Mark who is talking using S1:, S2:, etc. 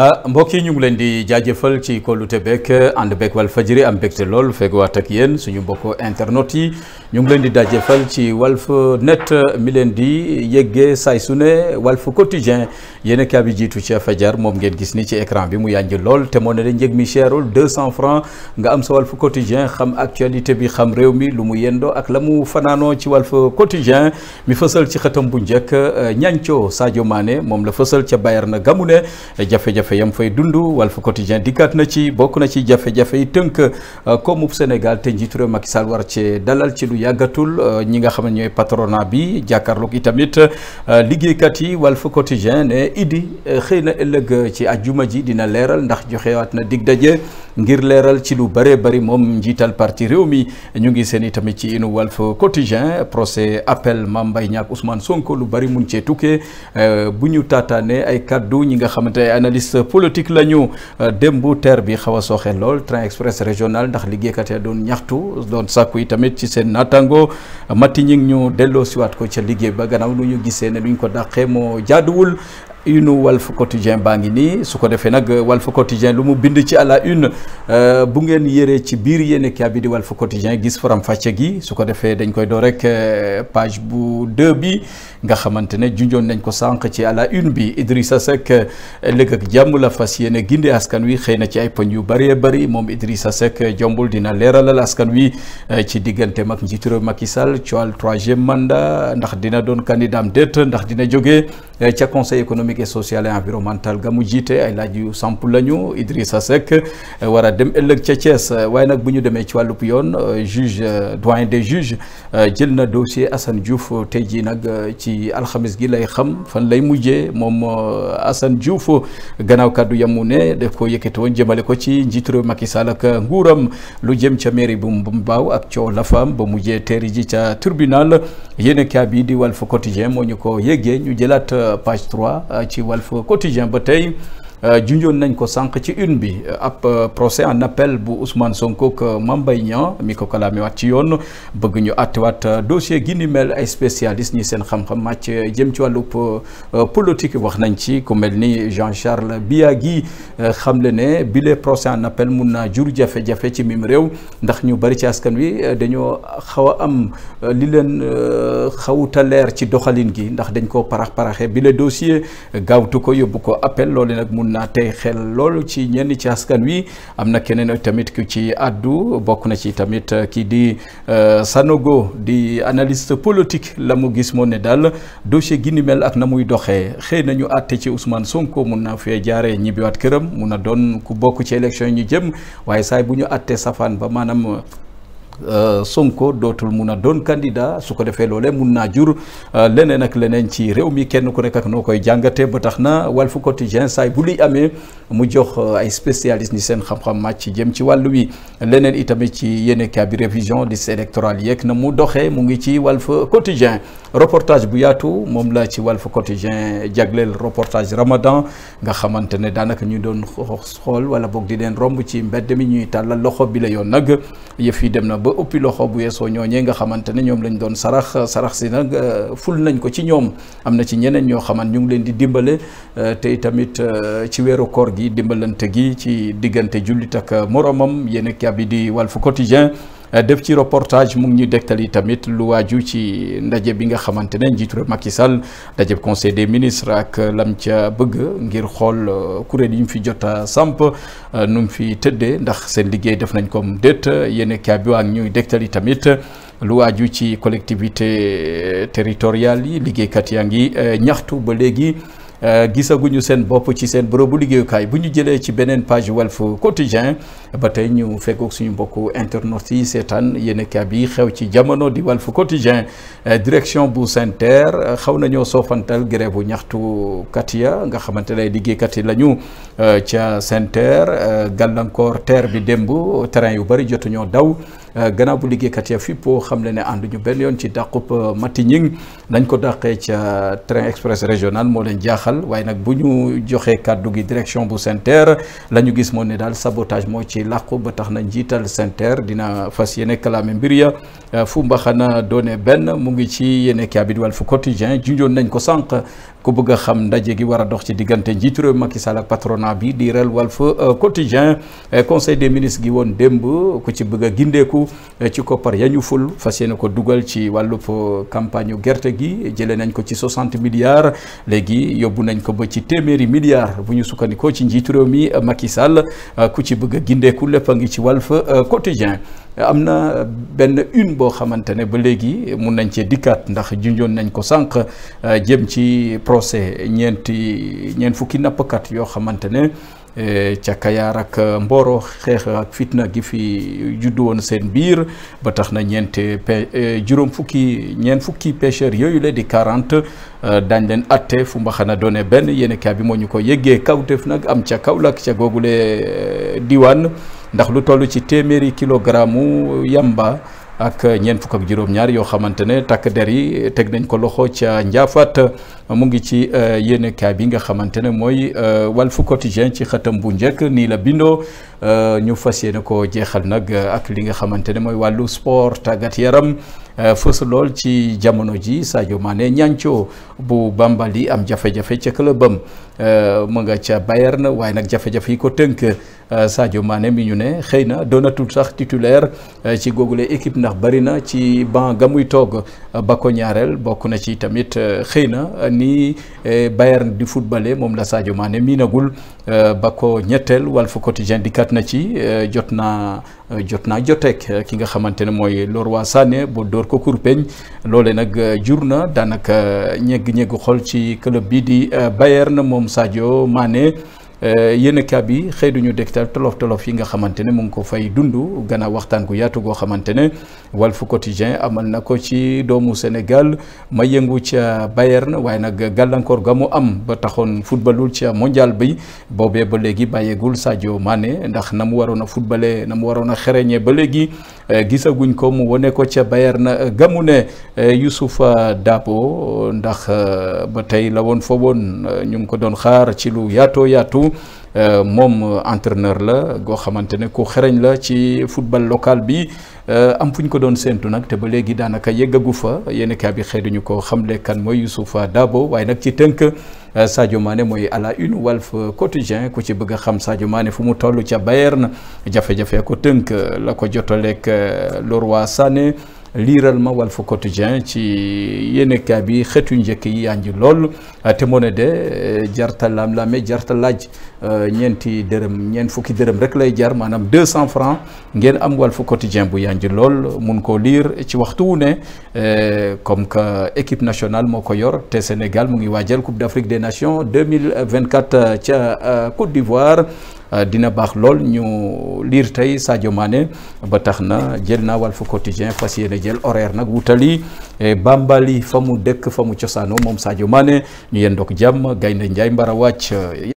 S1: Ah, mbokk yi ñu ngi leen di jaajëfal ci kóllute beeg ànd beeg Walfadjri am mbégte lool feeguwaat ak yéen suñu mbokk internet yi ñu ngi leen di jaajëfal ci Walf net mi leen di yëggee saay su ne Walf quotidien yéen a kaa bi jiitu ci fajar moom ngeen gis ni ci ecran bi mu yànj lool te moo ne de njëg mi cherul 200 nga am sa Walf quotidien xam actualité bi xam réew mi lu mu yendoo ak la mu fanaanoo ci Walf quotidien mi fësal ci xëtam bu njëkk ñancoo Sadio maane moom la fësal ca Bayern na gamu ne jafe-jafe jafe-jafe yam fay dund Walf Quotidien dikkaat na ci bokk na ci jafe-jafe yi tënk euh, koomub Sénégal te njiitu mag Macky Sall war ci dalal ci lu yàggatul euh, ñi nga xam ne ñooy patronat bi jàkkaarloog itamit euh, liggéeykat yi wal Walf Quotidien ne Idi xëy na ëllëg ci ajjuma ji dina leeral ndax joxewaat na dig daje ngir leeral ci lu bëree bëri moom njiital parti réew mi ñu ngi seen i tamit ci inu Walf Quotidien procès appel Mame ñàkk Niang Ousmane Sonko lu bëri mun cee tukkee euh, bu ñu tàttaanee ay kàddu ñi nga xamante ay analyste politique la ñu euh, démb teer bi xaw a sooxe lool train express régional ndax liggéeykat ya doon ñaxtu doon sàkku yi tamit ci seen naataango mati ñi ngi ñu delloo siwaat ko ca liggéey ba gannaaw lu ñu gisee ne lu ñu ko dàqee moo jaaduwul une Walf Quotidien baa ngi nii su ko defee nag Walf Quotidien lu mu bind ci à la une euh, bu ngeen yëree ci biir yéene kaa bi di Walf Quotidien gis faram fàcce gi su ko defee dañ koy doo rek euh, page bu deux bi nga xamante ne junjoon nañ ko sànq ci à la une bi Idrissa Seck euh, léeg ak jàmm la fas yéene gindi askan wi xëy na ci ay poñ yu baree bëri moom Idrissa Seck jombul dina leeralal askan wi ci diggante mag njiitu réew Macky Sall ci wàllu troisième mandat ndax dina doon candidat am ndax dina jógee Eh, ca conseil économique et social et environnemental ga mu jiite ay laaj yu samp lañu Idrissa Seck eh, war a dem ëllëg ca Thiès eh, waaye nag bu ñu demee ci wàllub yoon juge doyen des juges jël na dossier Assane Diouf tey jii nag ci alxamis gi lay xam fan lay mujjee moom Assane Diouf gannaaw kàddu yamu ne def ko yëkkati woon jëmale ko ci njiitu réew Macky Sall ak nguuram lu jëm ca mairie bu baaw ak coow la faam ba mujjee teeri ji ca tribunal yéen a di Walf Quotidien moo page 3 euh, ci Walf Quotidien ba tey Euh, junjoon nañ ko sànq ci une bi euh, ab euh, procès en appel bu Ousmane Sonko ak Mbaye Niang mi ko kalaamewaat ci yoon bëgg ñu àttewaat dossier gi ay spécialiste ñi seen xam-xam jëm ci wàllu politique wax nañ ci ku mel ni Jean-Charles Biagui xamle ne bile procès en mun naa jur jafe-jafe ci mim réew ndax ñu bari ci askan wi dañoo xaw a am li leen xawuta leer ci doxalin gi ndax dañ ko parax paraxee bile dossier gaawtu ko yóbbu ko appel loolu nag mun amoon tey xel loolu ci ñenn ci askan wi am na keneen tamit ku ci addu bokk na ci tamit uh, kii di uh, Sanogo di analyste politique la mu gis moo ne daal dossier gi ni mel ak na muy doxee xëy na ñu àtte ci Ousmane Sonko mun na fee jaaree ñibbiwaat këram mun na doon ku bokk ci élection yi ñu jëm waaye saay bu ñu àttee safaan ba maanaam. Euh, Sonko dootul mun a doon candidat su ko defee loolee mun naa jur euh, leneen ak leneen ci réew mi kenn ku nekk ak noo koy jàngatee ba tax na Walf Quotidien saay bu luy amee mu jox euh, ay spécialiste ni seen xam-xam màcc jëm ci wàllu wi leneen itamit ci yéene kaa bi révision liste électorale yeeg na mu doxee mu ngi ci wàll Walf Quotidien reportage bu yaatu moom laa ci Walf Quotidien jagleel reportage Ramadan nga xamante ne daanaka ñu doon xool wala boog di leen romb ci mbedd mi ñuy tàllal loxo bi la yoon nag ba ëppi loxo bu yeesoo ñooñee nga xamante ne ñoom lañ doon sarax sarax si nag euh, ful nañ ko ci ñoom am na ci ñeneen ñoo xamante ñu ngi leen di dimbale euh, te tamit euh, ci weeru koor gi dimbalante gi ci diggante jullit ak moromam yéen a kii di Walf Quotidien Euh, def ci reportage mu ngi ñu dégtal yi tamit lu waaju ci ndaje bi nga xamante ne njiitu réew Macky Sall ndaje bi conseil des ministre ak lam ca bëgg ngir xool euh, kuréel yi mu fi jot a samp euh, nu mu fi tëdde ndax seen liggéey def nañ ko déet yéen kaa bi waa ñuy dégtal yi tamit. lu waaju ci collectivité territoriale yi liggéeykat yaa ngi ñaxtu ba léegi Euh, gisaguñu seen bopp ci seen bu liggéeyukaay bu ñu jëlee ci beneen page Walf Quotidien ba tey ñu fekkook suñu mbokku internautes yi seetaan yéen a bi xew ci jamono di Walf Quotidien euh, direction bu SENTER xaw nañoo soofantal grève bu ñaxtu katiya nga xamante ne liggéeykat yi lañu euh, ca SENTER gàllankoor TER bi démb terrain yu bari jotuñoo daw. Euh, gannaaw bu liggéeykat ya fippo xam le ne ànduñu benn yoon ci dàqub euh, Mati Ñing nañ ko dàqee ca train express régional moo leen jaaxal waaye nag bu ñu joxee kàddu gi direction bu SENTER la ñu gis moo ne daal sabotage moo ci làqu ba tax na njiital SENTER dina fas yéene kalaame mbir ya euh, fu mbaxana doone benn mu ngi ci yéene kaabit Walf Quotidien junjoon nañ ko sànq ku bëgg xam ndaje gi war a dox ci diggante njiitu réew Sall ak patronat bi di rel Walf Quotidien conseil des ministres gi woon démb ku ci bëgg a Eh, ci koppar ya ñu ful fas yéene ko dugal ci wàllu wàllub eh, campagne gerte gi jëlee nañ ko ci 60 milliards léegi yóbbu nañ ko ba ci téeméeri milliards bu ñu sukkandikoo ci njiitu réew mi eh, Macky Sall ku ci bëgg gindeeku lépp a ngi ci wal Walf Quotidien am na benn une boo xamante ne ba léegi mun nañ cee dikkaat ndax junjoon nañ ko sànq jëm ci procès ñeenti ñeent fukki nappkat yoo xamante ne E, ca Kayaar ak Mboro xeex ak fitna gi fi juddu woon seen biir ba tax na ñeente pe e, juróom fukki ñeent fukki pêcheurs yooyu leen di quarante e, daañ leen atte fu mbaxana doone benn yéen bi moo ñu ko yëggee kawteef nag am ca Kaolack ca googule diwaan ndax lu toll ci téeméeri kilogramme yamba. ak ñeent fukk ak juróom-ñaar yoo xamante ne takk der yi teg nañ ko loxo ca Njaafaat mu ngi ci euh, yéene kaay bi nga xamante ne mooy euh, Walf Quotidien ci xëtam bu njëkk nii la bindoo euh, ñu fas yéene ko jeexal nag ak li nga xamante ne mooy wàllu sport tàggat yaram fës lool ci jamono ji Sadio Mané ñancoo bu Bambali am jafe-jafe ca clubam mu nga ca Bayern waaye nag jafe-jafe yi ko tënk. Euh, Sadio maane mi ñu ne xëy na doonatul sax titulaire euh, ci googule équipe ndax bari na ci ban ga muy toog euh, ba ko ñaareel bokk na ci tamit xëy na ni Bayern di footballé moom la Sadio Mané miinagul ba ko ñetteel Walf di dikkaat na ci jot naa jot naa joteek ki nga xamante ne mooy waa sànne ba dóor ko kurpeñ loole nag jur na daanaka ñegg ñegg xol ci club bi di Bayern moom Sadio Mané Euh, yéen a bi xëy duñu dégtal tolof tolof yi nga xamante ne mu ngi ko fay dund gannaaw waxtaan gu yaatu goo xamante ne Walf Quotidien amal na ko ci doomu Sénégal ma yëngu ca Bayern waaye nag gàllankoor ga mu am ba taxoon footballul ca mondial bi boobee ba léegi bàyyeegul Sadio Mané ndax na mu waroon a footballé na mu waroon a xereñee ba léegi. Eh, gisaguñ ko mu wane ko ca Bayern eh, gamu ne eh, Youssoufa Dabo ndax ba tey la woon fa woon ñu ngi ko doon xaar ci lu yaato yaatu Euh, moom euh, entraîneur la goo xamante ne ku xereñ la ci football local bi euh, am fu ñu ko doon séntu nag te ba léegi daanaka yeggagu fa yéen kaa bi xëy ñu ko xamle kan mooy Youssoufa Dabo waaye nag ci tënk Sadio Mané mooy à la une Walf Quotidien ku ci bëgg a xam Sadio Mané fu mu toll ca Bayern jafe-jafe ko tënk la ko jot jotaleeg Leroy sànne liiral ma Walf Quotidien ci yéenekaay bi xeetu njëkk yi nji lool te moo ne de eh, jarta laam-laame jarta laaj eh, ñeenti dërëm ñeent fukki dërëm rek lay jar maanaam deux cent francs ngeen am wal Walf Quotidien bu nji lool mun koo liir ci waxtu wu ne eh, comme que équipe nationale moo ko yor te Sénégal mu ngi waajal Coupe d'Afrique des Nations 2024 ca Côte d'Ivoire Euh, dina baax lool ñu liir tey Sadio maane ba tax na jël naa Walf Quotidien fas yéene jël horaire nag wutali e Bambali fa mu dëkk fa mu cosaano moom Sadio maane ñu yendook jàmm Gaynde Njaay mbara wàcc